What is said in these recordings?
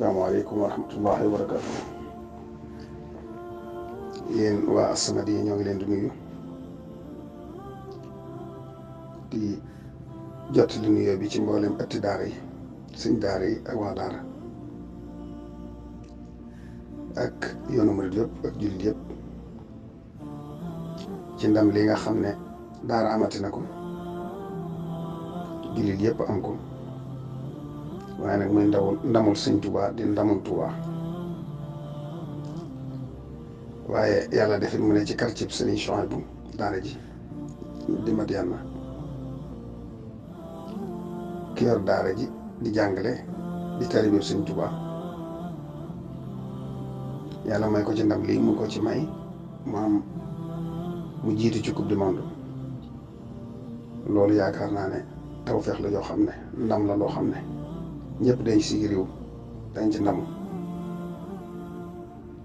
asalaamaaleykum wa rahmatullahi wa barakaatu yéen waa as yi ñoo ngi leen di nuyu di jot li nuyoo bi ci mboolem ëtti daara yi suñ daara yi ak waa daara ak yoonu murid yëpp ak jullit yëpp ci ndam li nga xam ne daara amati na ko jullit yëpp am ko. waaye nag muy ndawul ndamul sëñ Tuubaa di ndamul Tuubaa waaye yàlla defit mu ne ci quartier bi Sëriñ Souhaïbou daara ji di Madiyana ki yor daara ji di jàngale di taalibe sëñ Tuubaa yàlla may ko ci ndam lii mu ko ci may mu mu jiitu ci coupe du loolu yaakaar naa ne taw feex la yoo xam ne ndam la loo xam ne ñépp dañ si réew dañ ci ndam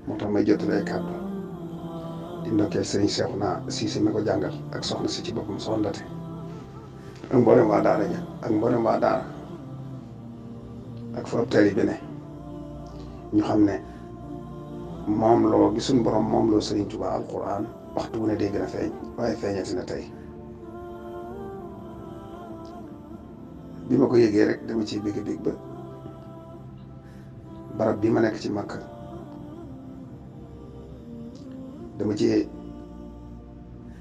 moo tax may jottali ay kàddu di ndokkee sëriñ Seexuna si mi ko jàngal ak soxna si ci boppam soxna Ndate ak mboolem waa daara ja ak mboolem waa daara ak fa yi bi ne ñu xam ne moom loo gi suñ borom moom loo sëriñ Tuubaa alquran waxtu wu ne day gën a feeñ waaye feeñati na tey bi ma ko yëgee rek dama ciy bégg bég ba barab bi ma nekk ci Makka dama ci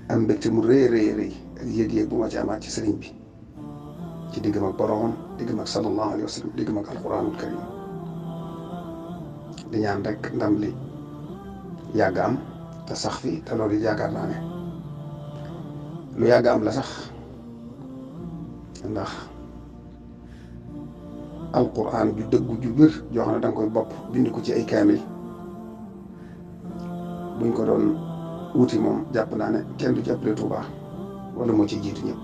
am mbégte mu rëy rëy rëy ak yëg-yëg bu ma ci amaat ci sëriñ bi ci diggam ak boroomam diggam ak sallallahu alayhi wa sallam diggam ak alquranul karim di ñaan rek ndam li yàgg am te sax fi te loolu yaakaar naa la sax ndax alquran ju dëggu ju wér joo xam ne koy bopp bind ko ci ay kaamil buñ ko doon wuti moom jàpp naa ne kenn du ci appelé Touba wala moo ci jiitu ñëpp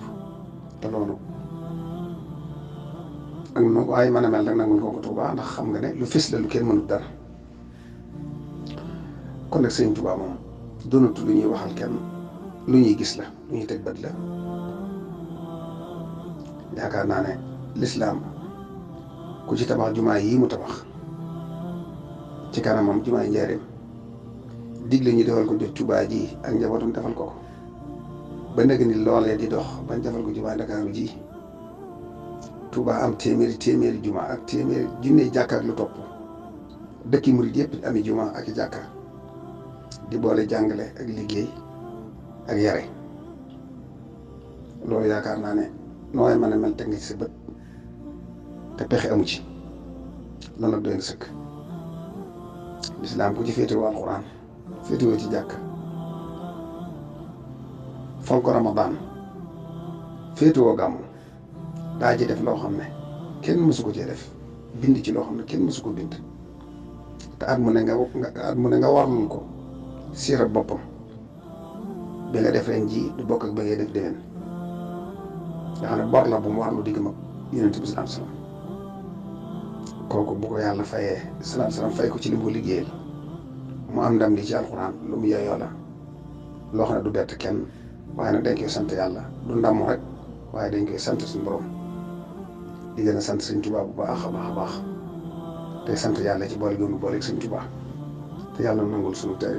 te loolu na waaye mën a mel rek nangul ko ko Touba ndax xam nga ne lu fis la lu kenn mënut dara kon nag moom doonatu lu ñuy waxal kenn lu ñuy gis la lu ñuy teg bët la yaakaar naa ne lislaam ku ci tabax jumaa yi mu tabax ci kanamam jumaa yi njaareem digle ñu defal ko jox ji ak njabootam defal ko ba nag ni loolee di dox bañ defal ko jumaa Ndakaaru ji tubaa am téeméeri téeméeri jumaa ak téeméeri junne jàkka ak lu topp dëkki murid yëpp ami jumaa ak jàkka di boole jàngale ak liggéey ak yare loolu yaakaar naa ne nooy mën a mel teg ci sa te pexe amu ci loolu nag doy na sëkk lislaam ku ci féetewoo alxuraan féetewoo ci jàkk fonk ramadaan féetewoo gàmmu daa ci def loo xam ne kenn mësu ko cee def bind ci loo xam ne kenn mësu ko bind te at mu ne nga at mu ne nga warlul ko siirab boppam bi nga def ren ji du bokk ak ba ngay def déwén nga xam ne bor la bu mu warlu digg mag yonent bi salaam kooku bu ko yàlla fayee salaam salaam fay ko ci li mu ko mu am ndam li ci alxuraan lu mu yeyoo la loo xam ne du bett kenn waaye nag dañ koy sant yàlla du ndam rek waaye dañ koy sant suñu borom di gën a sant suñ Tuubaa bu baax a baax a baax te sant yàlla ci booleeg suñ Tuubaa te yàlla nangul suñu tey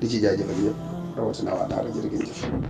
di ci jaajëfal ñëpp rawatina waa daara jërëjëf